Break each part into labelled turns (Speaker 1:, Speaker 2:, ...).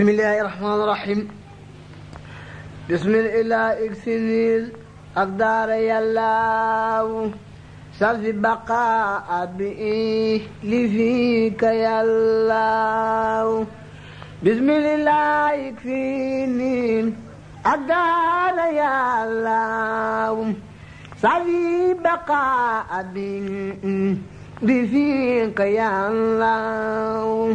Speaker 1: بسم الله الرحمن الرحيم بسم الله اكسنيل أقدار يلاو سلف بقاء بإيه لفيك يلاو بسم الله يكفيني أقدار يلاو سلف بقاء بإيه لفيك يلاو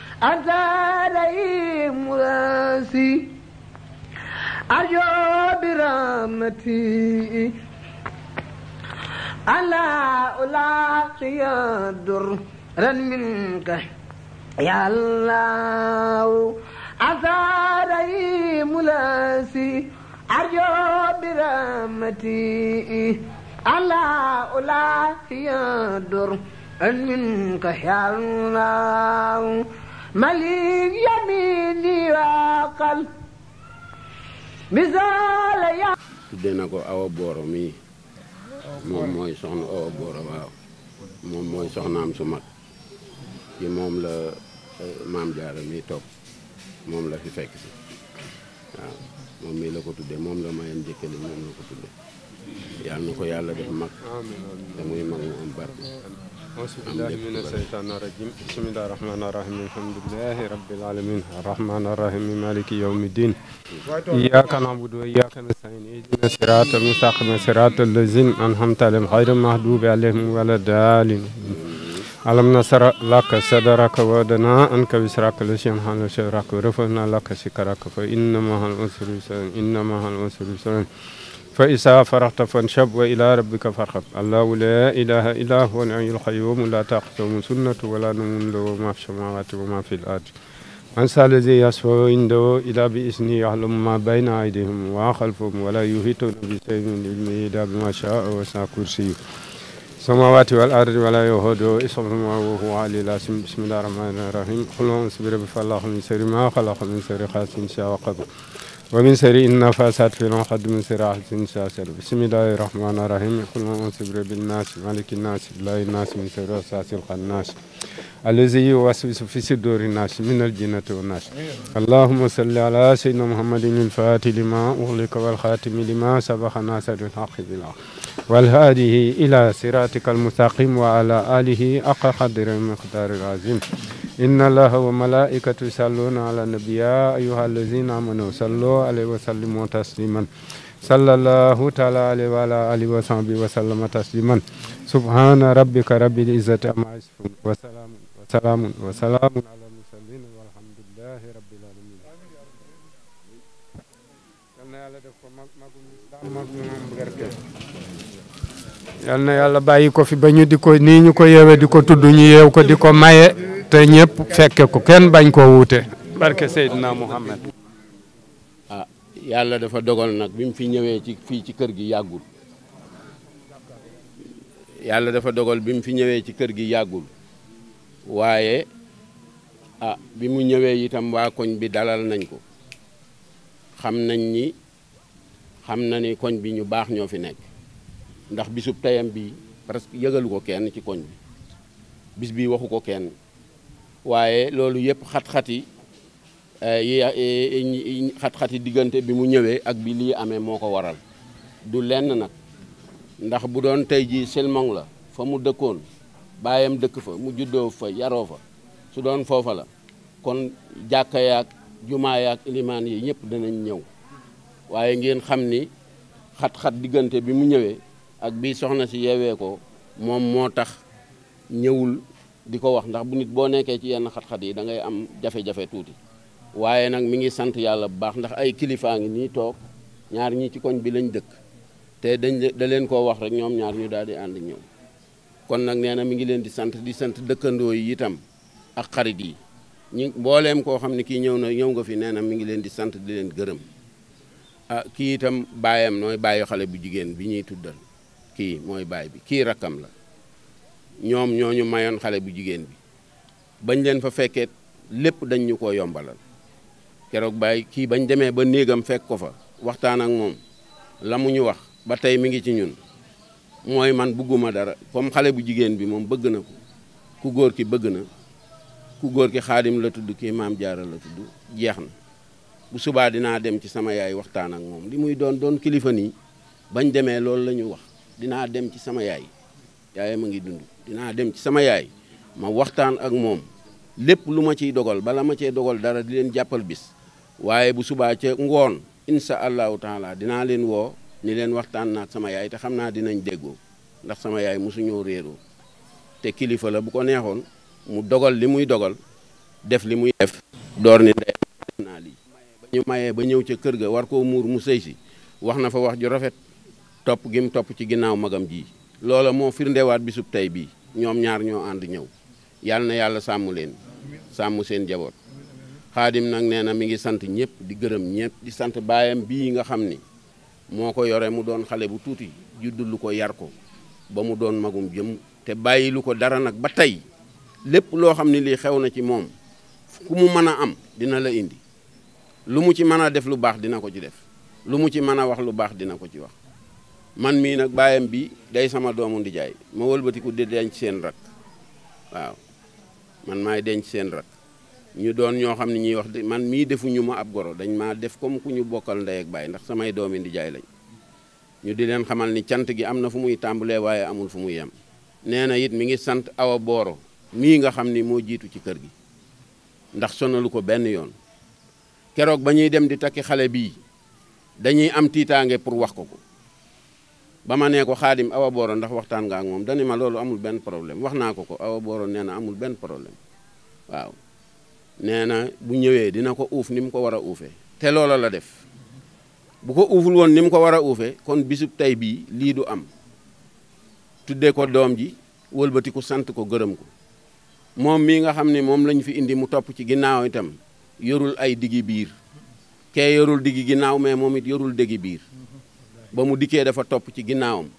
Speaker 1: أنتاري مراسي أرجو برامتي ألا ألاقي درا منك يا الله أنتاري مراسي أرجو برامتي ألا ألاقي درا منك يا الله مليك يميني وقل misaal ya
Speaker 2: tuddee na ko awa booro mii moom mooy soxna awa su mag ci moom la eh, maam jaara mii toog moom la fi fekk si waaw moom mii la ko tuddee moom la mayam jëkkëli moom la ko tuddee yàlla na ko yàlla def mag te muy mag mu
Speaker 3: am barke أعوذ بالله من الشيطان الرجيم بسم الله الرحمن الرحيم الحمد لله رب العالمين الرحمن الرحيم مالك يوم الدين إياك نعبد وإياك نستعين اهدنا الصراط المستقيم صراط الذين أنعمت عليهم غير المغضوب عليهم ولا الضالين ألم نسر لك صدرك ودنا أنك بسرك الذي حمل صدرك ورفعنا لك شكرك فإنما العسر يسرا إنما العسر يسرا فإذا فرحت فانشب وإلى ربك فارغب الله لا إله إلا هو العلي القيوم لا تأخذه سنة ولا نوم له ما في السماوات وما في الأرض من ذا الذي يشفع عنده إلا بإذنه يعلم ما بين أيديهم وخلفهم ولا يحيطون بشيء من علمه إلا بما شاء وسع كرسيه السماوات والأرض ولا يهود إصبهما وهو علي لازم بسم الله الرحمن الرحيم قل أعوذ برب فلاح من شر ما خلق من شر خاسر إن شاء وقبل ومن سري النفاسات في العقد من سراحة ساسر بسم الله الرحمن الرحيم كل من سبر بالناس مالك الناس لا الناس من سر أساس الخناس الذي يوسوس في صدور الناس من الجنة والناس اللهم صل على سيدنا محمد الفاتح لما أغلق والخاتم لما سبق ناصر الحق بالحق والهاده إلى صراطك المستقيم وعلى آله أقى قدر المقدار العظيم إن الله وملائكته يصلون على النبي يا أيها الذين آمنوا صلوا عليه وسلموا تسليما صلى الله تعالى عليه وعلى آله وصحبه وسلم تسليما سبحان ربك رب العزة عما يصفون وسلام وسلام وسلام على المرسلين والحمد لله رب العالمين
Speaker 1: آمين يا رب
Speaker 3: yal na yàlla bàyyi ko fi ba ñu di ko nii ñu ko yeewee di ko tudd ñu yeew ko di ko maye te ñëpp fekke ko kenn bañ koo wuute barke Seydina Muhammad
Speaker 2: ah yàlla dafa dogal nag bi mu fi ñëwee ci fii ci kër gi yàggul yàlla dafa dogal bi mu fi ñëwee ci kër gi yàggul waaye ah, bi mu ñëwee itam waa koñ bi dalal nañ ko xam nañ ni xam na ni koñ bi ñu baax ñoo fi nekk ndax bisub teyam bi presque yëgalu ko kenn ci koñ bi bis bi waxu ko kenn waaye loolu yëpp xat-xat eh, eh, diggante bi mu ñëwee ak bi lii amee moo ko waral du lenn nag ndax bu doon tey jii Selmong la fa mu dëkkoon baayam dëkk fa mu juddoo fa yaroo fa su doon foofa la kon jàkka yaak jumaa yaak ilimaan yi ñëpp danañ ñëw waaye ngeen xam ni xat-xat diggante bi mu ñëwee ak bii soxna si yeewee ko moom moo tax ñëwul di ko wax ndax bu nit boo nekkee ci yenn xat-xat yi da ngay am jafe-jafe tuuti waaye nag mi ngi sant yàlla bu baax ndax ay kilifaa ngi nii toog ñaar ñii koñ bi lañ dëkk te dañ da leen koo wax rek ñoom ñaar ñu daal di ànd ñëw kon nag nee na mi ngi leen di sant di sant dëkkandoo yi itam ak xarit yi ñi mbooleem koo xam ne kii ñëw na ñëw nga fi nee na mi ngi leen di sant di leen gërëm ah kii itam baayam nooy bàyyi xale bu jigéen bi ñuy tuddal kii mooy baay bi kii rakkam la ñoom ñoo ñu mayoon xale bu jigéen bi bañ leen fa fekkee lépp dañ ñu ko yombalal keroog baay kii bañ demee ba néegam fekk ko fa waxtaan ak moom la mu ñu wax ba tey mi ngi ci ñun mooy man bëgguma dara comme xale bu jigéen bi moom bëgg na ko ku góor ki bëgg na ku góor ki xaadim la tudd kii maam jaaral la tudd jeex na bu subaa dinaa dem ci sama yaay waxtaan ak moom li muy doon doon kilifa nii bañ demee loolu la wax dinaa dem ci sama yaay yaayam a ngi dund dinaa dem ci sama yaay ma waxtaan ak moom lépp lu ma ciy dogal bala ma cee dogal dara di leen jàppal bis waaye bu subaa ca ngoon incha allahu taala dinaa leen woo ni leen waxtaan naat sama yaay te xam naa dinañ déggoo ndax sama yaay mosuñoo réeroo te kilifa la bu ko neexoon mu dogal li muy dogal def li muy def door ni ndey naa lii ba ñu mayee ba ñëw ca kër ga war koo muur mu sëy si wax na fa wax ju rafet Top gim top ci ginnaw magam ji loola firnde wat bisub tay bi ñom ñaar ño and ñew yàlla na yàlla sàmm leen sàmm seen jaboot xaadim nag nee mi ngi sante ñep di gërëm ñep di sante bayam bi nga xamni moko yore mu doon xale bu tuti juddul lu ko yar ko ba mu doon magum jëm te bàyyi lu ko dara nak ba tay lepp lo xamni li xewna ci mom ku mu am dina la indi lu mu ci mën def lu bax dina ko ci def lu mu ci wax lu bax dina ko ci wax man mii nag baayam bi day sama doomu ndijaay ma wëlbatiku di denc seen rag waaw man maay denc seen rak ñu doon ñoo xam ni ñuy wax man mii defuñu ma ab goro dañ maa def comme ku ñu bokkal ndey ak ndax samay doomi ndijaay lañ ñu di leen xamal ni cant gi am na fu muy tàmbalee waaye amul fu mu yem nee na it mi ngi sant awa booro mii nga xam ni moo jiitu ci kër gi ndax sonalu ko benn yoon keroog ba ñuy dem di takki xale bii dañuy am tiitaange pour wax ko ko ba ma nee ko xaadim awa booro ndax waxtaan nga ak moom dani ma loolu amul benn problème wax naa ko ko awa booro nee amul benn problème waaw nee na bu ñëwee dina ko uuf ni mu ko war a uufee te loola la def bu ko uuful woon ni mu ko war a uufe kon bisub tey bii lii du am tuddee ko doom ji wëlbati ko sant ko gërëm ko moom mii nga xam ni moom lañu fi indi mu topp ci ginnaaw itam yorul ay diggi biir kee yorul diggi ginnaaw mais moom it yorul déggi biir ba mu dikkee dafa topp ci ginnaawam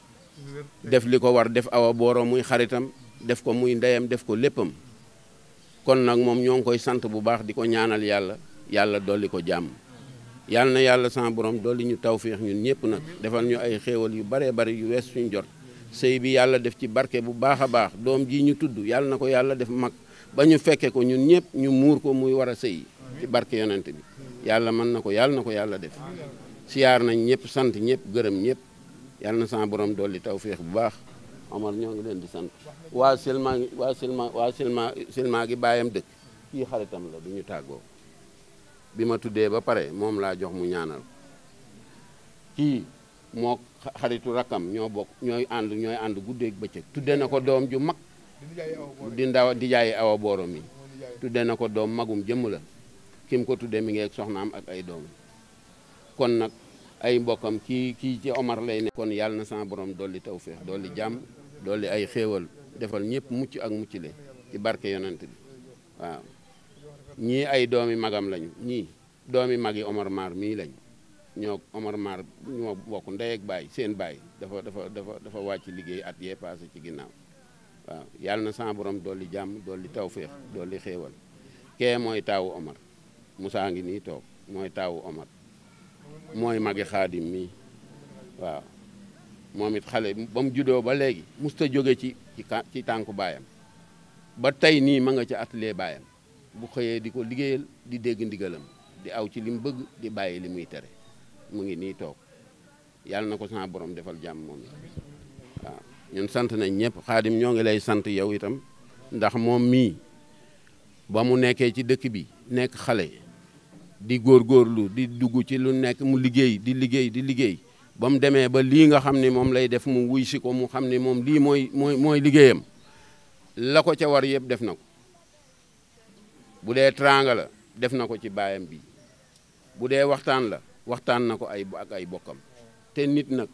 Speaker 2: def li ko war def awa booro muy xaritam def ko muy ndeyam def ko léppam kon nag moom ñoo ngi koy sant bu baax di ko ñaanal yàlla yàlla dolli ko jàmm yàlla na yàlla sama borom dolli ñu tawféex ñun ñëpp nag defal ñu ay xéewal yu baree bari yu wees suñ jot sëy bi yàlla def ci barke bu baax a baax doom ji ñu tudd yàlla na ko yàlla def mag ba ñu fekke ko ñun ñëpp ñu muur ko muy war a sëy ci barke yonent bi yàlla mën na ko yàlla na ko yàlla def siyaar nañ ñëpp sant ñëpp gërëm ñëpp yàlla na sama borom dolli tawféex bu baax Omar ñoo ngi leen di sant waa Silma waa Silma gi bàyyam dëkk kii xaritam la du ñu tàggoo bi ma tuddee ba pare moom laa jox mu ñaanal kii moo xaritu rakkam ñoo bokk ñooy ànd ñooy ànd guddeeg bëccëg tuddee na ko doom ju mag di ndaw di jaay awa booro mi tudde na ko doom magum jëmm la kim ko tudde mi ngi ak soxnaam ak ay doom kon nag ay mbokkam kii kii ci Omar lay ne kon yàlla na sama borom dolli tawféex dolli jàmm dolli ay xéewal defal ñëpp mucc ak mucc le ci barke yonent bi waaw ñii ay doomi magam lañu ñii doomi magi Omar Mar mii lañ ñoo Omar Mar ñoo bokk ndey ak seen baay dafa dafa dafa dafa wàcc liggéey at yee passé ci ginnaaw waaw yàlla na sama borom dolli jàmm dolli tawféex dolli xéewal kee mooy taawu Omar Moussa ngi nii toog mooy taawu Omar mooy magi xaadim mii waaw moom it xale ba mu juddoo ba léegi musta jóge ci ci tànku baayam ba tey nii ma nga ci at atelier baayam bu xëyee di ko liggéeyal di dégg ndigalam di aw ci li bëgg di bàyyi li muy tere mu ngi nii toog yàlla na ko sama borom defal jàmm moom it waaw ñun sant nañ ñëpp xaadim ñoo ngi lay sant yow itam ndax moom mii ba mu nekkee ci dëkk bi nekk xale di góorgóorlu di dugg ci lu nekk mu liggéey di liggéey di liggéey ba mu demee ba lii nga xam ni moom lay def mu wuy si ko mu xam ni moom lii mooy mooy mooy liggéeyam la ko ca war yëpp def na ko bu dee tranga la def na ko ci baayam bi bu dee waxtaan la waxtaan na ko ay ak ay bokkam te nit nag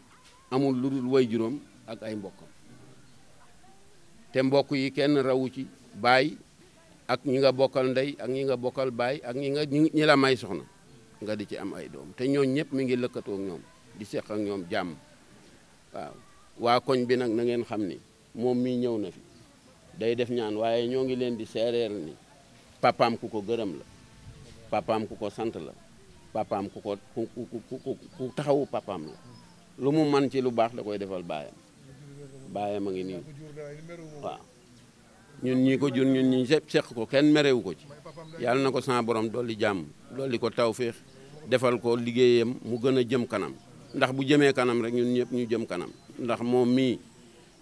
Speaker 2: amul lu dul way juróom ak ay mbokkam te mbokk yi kenn rawu ci baay ak ñi nga bokkal ndey ak ñi nga bokkal baay ak ñi nga ñi la may soxna nga di ci am ay doom te ñoo ñëpp mi ngi lëkkatoo ñoom di seq ak ñoom jàmm waaw waa koñ bi nag na ngeen xam ni moom mii ñëw na fi day def ñaan waaye ñoo ngi leen di seereer ni papaam ku ko gërëm la papaam ku ko sant la papaam ku ko ku taxawu papaam la lu mu man ci lu baax da koy defal baayam baayam a ngi nii waaw ñun ñi ko jur ñun ñi sepp seq ko kenn merewu ko ci yàlla na ko sama borom dolli jàmm dolli ko tawféex defal ko liggéeyam mu gën a jëm kanam ndax bu jëmee kanam rek ñun ñëpp ñu jëm kanam ndax moom mii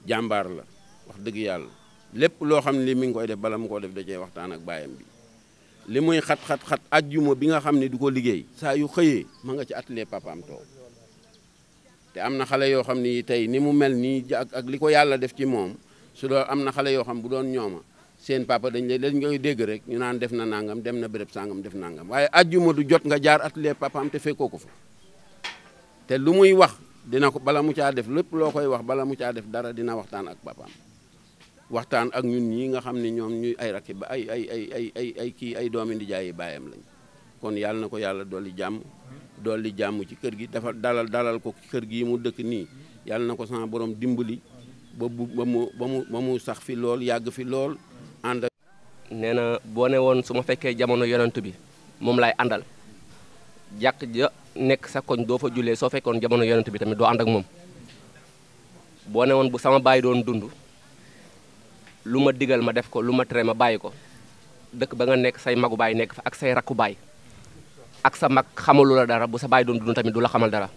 Speaker 2: jàmbaar la wax dëgg yàlla lépp loo xam ne li mi ngi koy def bala mu ko def da waxtaan ak baayam li muy xat-xat-xat ajjuma bi nga xam ni du ko liggéey saa yu xëyee ma nga ci atelier papaam toog te am na xale yoo xam ne tey ni mu mel nii ak li ko yàlla def ci moom su doon am na xale yoo xam bu doon ñooma seen papa dañ lay dañ koy dégg rek ñu naan def na nangam dem na béréb sangam def nangam waaye ajjuma du jot nga jaar atelier papaam te fekkoo ko fa te lu muy wax dina ko bala mu caa def lépp loo koy wax bala mu caa def dara dina waxtaan ak papaam waxtaan ak ñun ñii nga xam ni ñoom ñuy ay rakki ay ay ay ay ay ay kii ay doomi ndijaayi baayam lañ kon yàlla na ko yàlla dolli jàmm dolli jàmm ci kër gi dafa dalal dalal ko kër gi mu dëkk nii yàlla na ko sama borom dimbali
Speaker 4: ba bu ba mu ba mu ba mu sax fi lool yàgg fi lool ànd ak. nee na boo ne woon su ma fekkee jamono yonent bi moom laay àndal jàkk ja nekk sa koñ doo fa jullee soo fekkoon jamono yonent bi tamit doo ànd ak moom boo ne woon bu sama baay doon dund lu ma digal ma def ko lu ma tere ma bàyyi ko dëkk ba nga nekk say magu baay nekk fa ak say rakku baay ak sa mag xamalu la dara bu sa baay doon dund tamit du la xamal dara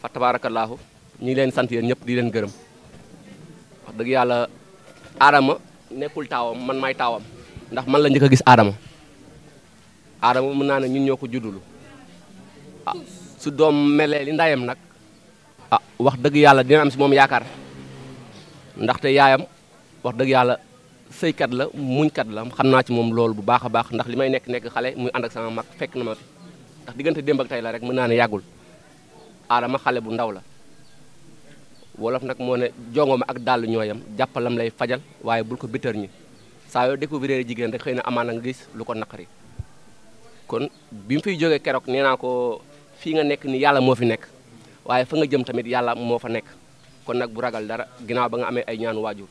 Speaker 4: fa ñi ngi leen sant yeen ñëpp di leen gërëm wax dëgg yàlla aadama nekkul taawam man may taawam ndax man la njëkk a gis aadama aadama mën naa ne ñun ñoo ko juddulu ah su doom melee li ndayam nag ah wax dëgg yàlla dina am si moom yaakaar ndaxte yaayam wax dëgg yàlla sëykat la muñkat la xam naa ci moom loolu bu baax a baax ndax li may nekk nekk xale muy ànd ak sama mag fekk na ma fi ndax diggante démb ak tey la rek mën naa ne yàggul aadama xale bu ndaw la wolof nag moo ne jongoma ak dàll ñooyam jàppalam lay fajal waaye bul ko bitar ñi saa yoo découvrir jigéen rek xëy na amaana nga gis lu ko naqari kon bi mu fiy jógee keroog nee naa ko fii nga nekk ni yàlla moo fi nekk waaye fa nga jëm tamit yàlla moo fa nekk kon nag bu ragal dara ginnaaw ba nga amee ay ñaanu waajur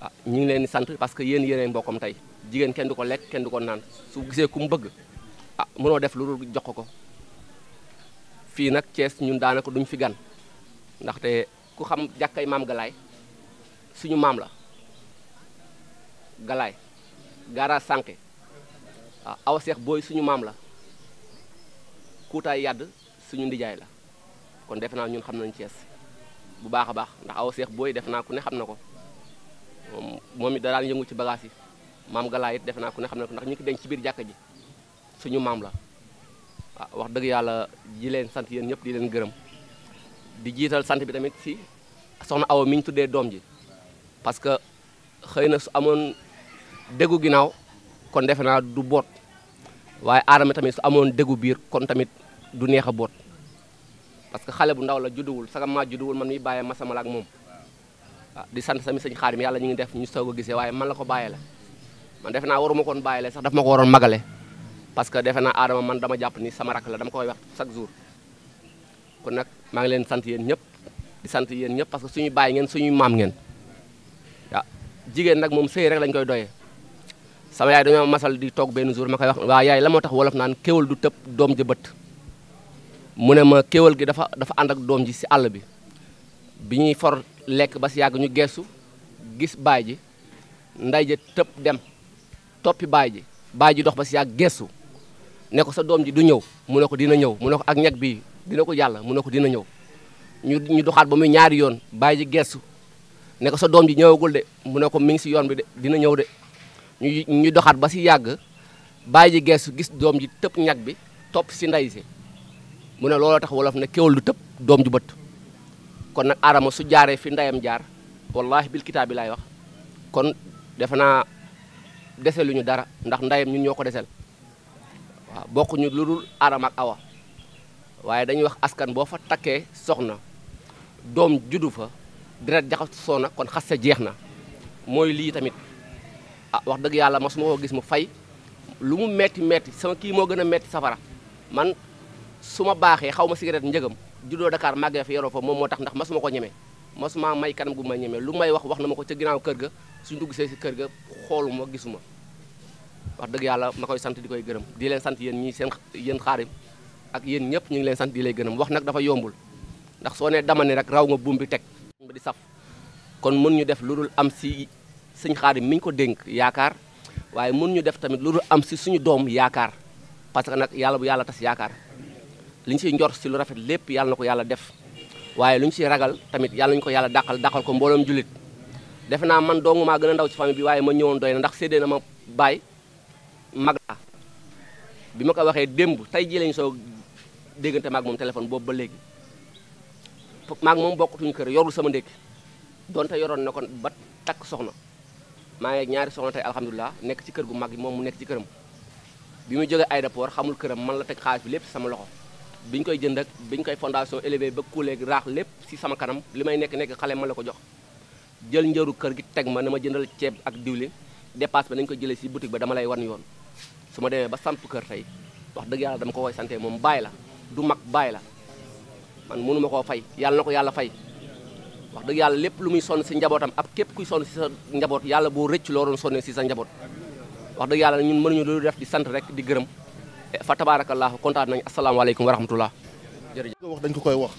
Speaker 4: ah ñu ngi leen di sant parce que yéen yéenay mbokkam tey jigéen kenn du ko lekk kenn du ko naan su gisee ku mu bëgg ah mënoo def lu dul jox ko ko fii nag cees ñun daanaka duñ fi gan ndaxte ku xam jàkkay maam Galaay suñu maam la Galaay Gara Sànke ah, waaw Seex Booy suñu maam la Kuutaay Yàdd suñu ndijaay la kon defe naa ñun xam nañ Cees bu baax a baax ndax aw Seex Booy defe naa ku ne xam na ko moom it da daan yëngu ci bagage yi maam Galaay it defe naa ku ne xam na ko ndax ñu ngi denc ci biir jàkka ji suñu maam la waaw ah, wax dëgg yàlla ji leen sant yéen ñëpp di leen gërëm di jiital sant bi tamit si soxna Awa mi ñu tuddee doom ji parce que xëy na su amoon déggu ginaaw kon defe naa du boot waaye aadama tamit su amoon déggu biir kon tamit du neex a boot parce que xale bu ndaw la judduwul saga maa judduwul man mi bàyyee masamala ak moom waaw ah, di sant sami sëñ xaadim yàlla ñu ngi def ñu soog a gisee waaye man la ko bàyyee la man defe naa waruma koon bàyyee sax daf ma ko waroon magale parce que defe naa aadama man dama jàpp ni sama rakk la dama wax chaque jour kon nag maa ngi leen sant yéen ñëpp di sant yéen ñëpp parce que suñu bàyyi ngeen suñu maam ngeen waaw jigéen nag moom sëy rek lañ koy doyee sama yaay dañoo masal di toog benn jour ma koy wax waa yaay la moo tax wolof naan kéwal du tëpp doom ji bët mu ne ma kéwal gi dafa dafa ànd ak doom ji si àll bi bi ñuy for lekk ba si yàgg ñu geesu gis baay ji nday ja tëb dem toppi baay ji baay ji dox ba si yàgg geesu ne sa doom ji du ñëw mu ne ko dina ñëw mu ne ko ak ñag bii dina ko yàlla mu ne ko dina ñëw ñu ñu doxaat ba muy ñaari yoon bàyyi ji gestu ne ko sa doom ji ñëwagul de mu ne ko mi ngi si yoon bi de dina ñëw de ñu ñu doxaat ba si yàgg bàyyi ji gestu gis dom ji tëb ñag bi topp si ndey si mu ne looloo tax wolof ne kéwal du tëb doom ju bët kon nag arama su jaaree fi ndeyam jaar wallahi bil kitaabi laay wax kon defe naa deseluñu dara ndax ndeyam ñun ñoo ko desel waaw bokkuñu lu dul ak awa waaye dañuy wax askan boo fa takkee soxna doom juddu fa deret jaxasoo na kon xaste jeex na mooy lii tamit ah wax dëgg yàlla masuma ko gis mu fay lu mu metti metti sama kii moo gën a metti safara man suma ma baaxee xaw ma cigarette njëgam juddoo Dakar màggee fa yoroo fa moom moo tax ndax masuma ko ñeme ma masuma may kanam gu ma ñeme lu may wax wax na ma ko ca ginnaaw kër ga su dugg see si kër ga xooluma gisuma wax dëgg yàlla ma koy sant di koy gërëm di leen sant yéen ñii seen yéen xaarim ak yéen ñëpp ñu ngi leen sant di lay gënam wax nag dafa yombul ndax soo nee dama ne rek raw nga buum bi teg ba di saf kon mën ñu def lu dul am si sëñ Xaadim mi ñu ko dénk yaakaar waaye mën ñu def tamit lu dul am si suñu doom yaakaar parce que nag yàlla bu yàlla tas yaakaar li ñu siy njor si lu rafet lépp yàlla na ko yàlla def waaye lu ñu siy ragal tamit yàlla ñu ko yàlla dàqal dàqal ko mbooloom jullit defe naa man doomu maa gën a ndaw ci famille bi waaye ma ñëwoon doy na ndax séddee na ma mag laa déggante maag moom téléphone boobu ba léegi maag moom bokkutuñu kër yorul sama ndékki donte yoroon na ko ba takk soxna maa ngi ñaari soxna tey alhamdulilah nekk ci kër gu mag yi moom mu nekk ci këram bi muy jógee aéroport xamul këram man la teg xaalis bi lépp sama loxo bi ñu koy jënd ak bi ñu koy fondation élevé ba kuuleeg raax lépp si sama kanam li may nekk nekk xale ma la ko jox jël njëru kër gi teg ma na ma jëndal ceeb ak diwlin dépasse bi nañ ko jëlee si boutique ba dama lay wan yoon su ma demee ba samp kër tey wax dëgg yàlla dama ko koy sante moom bàyyi la du mag baay la man mënu ma koo fay yàlla na ko yàlla fay wax dëgg yàlla lépp lu muy sonn si njabootam ab képp kuy sonn si sa njaboot yàlla boo rëcc loo doon sonnee si sa njaboot wax dëgg yàlla ñun mënuñu lu def di sant rek di gërëm eh, fa tabaarakallaahu kontaan nañu asalaamaaleykum wa rahmatullah jërëjëf
Speaker 5: wax dañ ko koy wax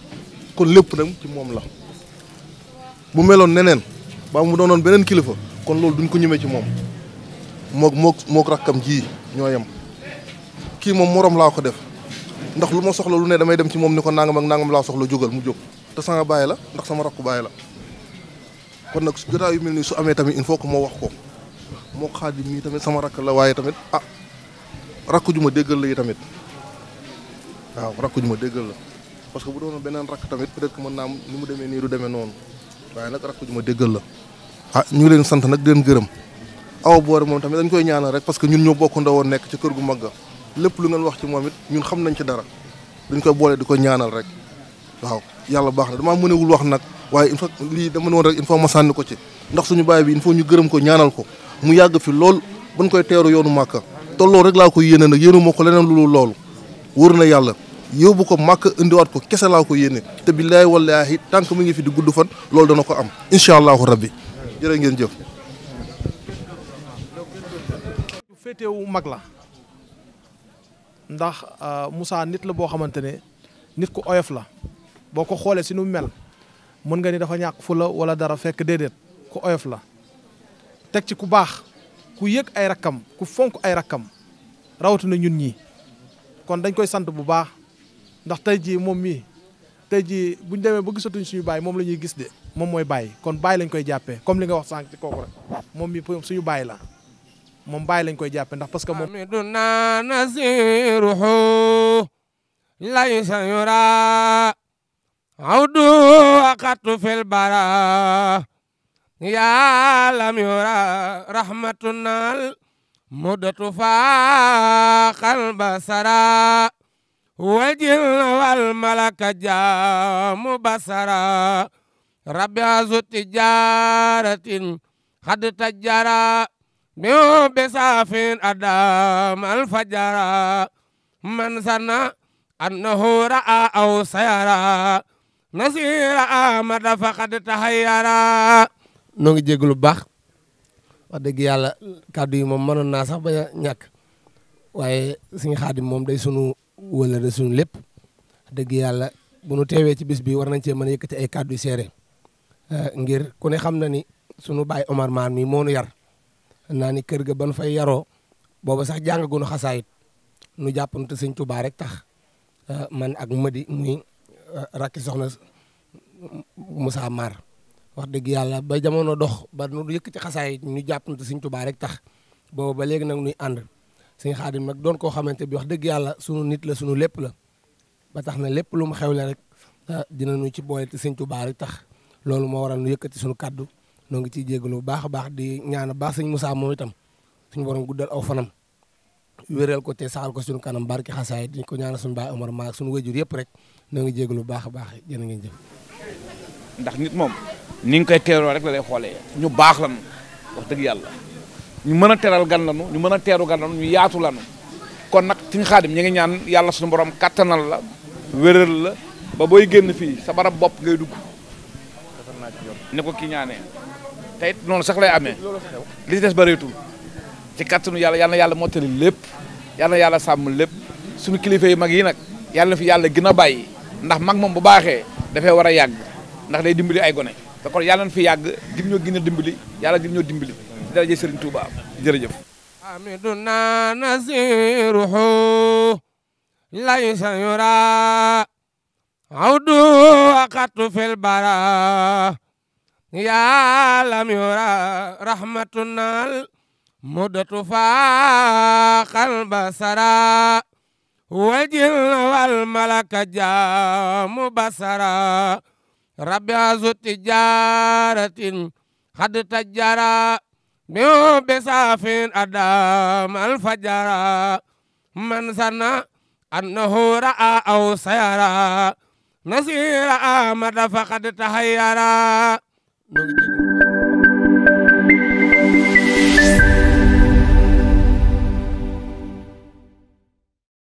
Speaker 5: kon lépp nag ci moom la bu meloon neneen ba mu doonoon beneen kilifa kon loolu duñ ko ñëmee ci moom mook mook mook rakkam ji ñoo yem kii moom moroom laa ko def ndax luma soxla lu ne damay dem ci mom ni ko nangam ak nangam la soxla jogal mu jog te sama baye la ndax sama rakku baye la kon nak jotaay yu melni su amé tamit il faut ko mo wax ko mo xaadim mi tamit sama rak la waye tamit ah rakku juma deggal la yi tamit waaw rakku juma deggal la parce que bu doono benen rak tamit peut être que mën ni mu démé ni du démé non waye nak rakku juma deggal la ah ñu leen sant nak deen leen aw boor mom tamit dañ koy ñaanal rek parce que ñun ñoo bokku ndawon nek ci kër gu magga lépp lu ngeen wax ci moom it ñun xam nañ ci dara dañ koy boole di ko ñaanal rek waaw yàlla baax na damaa mënewul wax nag waaye il faut lii dama ne woon rek il faut ma sànni ko ci ndax suñu baay bi il faut ñu gërëm ko ñaanal ko mu yàgg fi lool ban koy teeru yoonu màkka te loolu rek laa ko yéene nag yéenu ma ko leneen lu loolu wóor na yàlla yóbbu ko màkk indiwaat ko kese laa ko yéene te billaahi wallaahi tànk mu ngi fi di gudd fan loolu dana ko am incha allahu rabbi jërë ngeen jëf féetewu mag la ndax euh, Moussa nit la boo xamante ne nit ku oyof la boo ko xoolee si nu mel mën nga ni dafa ñàkk fu la wala dara fekk déedéet ku oyof la teg ci ku baax ku yëg ay rakkam ku fonk ay rakkam rawatina ñun ñii kon dañ koy sant bu baax ndax tey jii moom mii tey jii buñ demee ba gisatuñ suñu baay moom la ñuy gis de moom mooy baay kon baay lañ koy jàppee comme li nga wax sànq ci kooku rek moom mii suñu baay la mom bay lañ koy jappé ndax parce que moom
Speaker 6: hamiduna nasiruhu laysa yura audu waqatu fil bara ya lam yura al mudatu fa qalba sara wajil wal malaka jamu basara rabbi azu tijaratin khad tajara Mio be ada mal adam man sana an nahura a au sa yara nasia a madafaka de
Speaker 7: tahai yara nongi je glubah. Ada gi al kadimom monon na sape nyak. Wa sing hadimom dei sunu wu ala sun lip. Ada gi al bunute ve te bis bi warna mani e kadisere. Engir eh, kone kam nani sunu bay omar mani monyar. naa ni kër ga ban fay yaroo booba sax jàngagunu xasaayit nu jàpp te sëñ Tuubaa rek tax ah, man ak Madi muy ah, rakki soxna Moussa maar wax dëgg yàlla ba jamono dox ba nu yëkk ci xasaayit ñu jàpp te sëñ Tuubaa rek tax booba ba léegi nag nuy ànd sëñ Xaadim nag doon koo xamante bi wax dëgg yàlla sunu nit la sunu lépp la ba tax na lépp lu mu xewle rek ah, dinañu ci boole te sëñ Tuubaa tax loolu moo waral nu yëkkati sunu kàddu noo ngi ciy jégalu bu baax baax di ñaan baax sëñ Moussa moom itam suñu borom guddal aw fanam wéral ko té saxal ko suñu kanam barki xassay di ko ñaan suñu baay Omar maak suñu wéjur yépp rek noo ngi jégalu bu baax baax jërë ngeen jëf.
Speaker 2: ndax nit mom ni ngi koy téro rek la lay xolé ñu baax lanu wax dëgg Yalla ñu mëna téral gan lanu ñu mëna téru gan lanu ñu yaatu lanu kon nak suñu xadim ñi ngi ñaan Yalla suñu borom katanal la wéral la ba boy genn fi sa barab bop ngay dugg ni ko kii ñaanee te non noonu sax lay amee li ci des bëreetul ci kattanu yàlla yal na yàlla mottali lépp yal na yàlla sàmm lépp suñu kilifa yu mag yi nag yàlla na fi yàlla gën a bàyyi ndax mag moom bu baaxee dafay war yag yàgg ndax day dimbali ay gone te kon yàlla na fi yàgg gim ñoo gën dimbali yàlla gim ñoo dimbali Serigne Touba
Speaker 5: jërëjëf
Speaker 6: nasiruhu laysa yura fil bara yaalam yura rahmatunal mudatu fa qalba sara wal jinna wal malaka jaamu basara rabbi azu tijaratin xad tajara biu bisafin adam alfajara man sana annahu ra'a aw sayara nasira amada faqad tahayyara No que te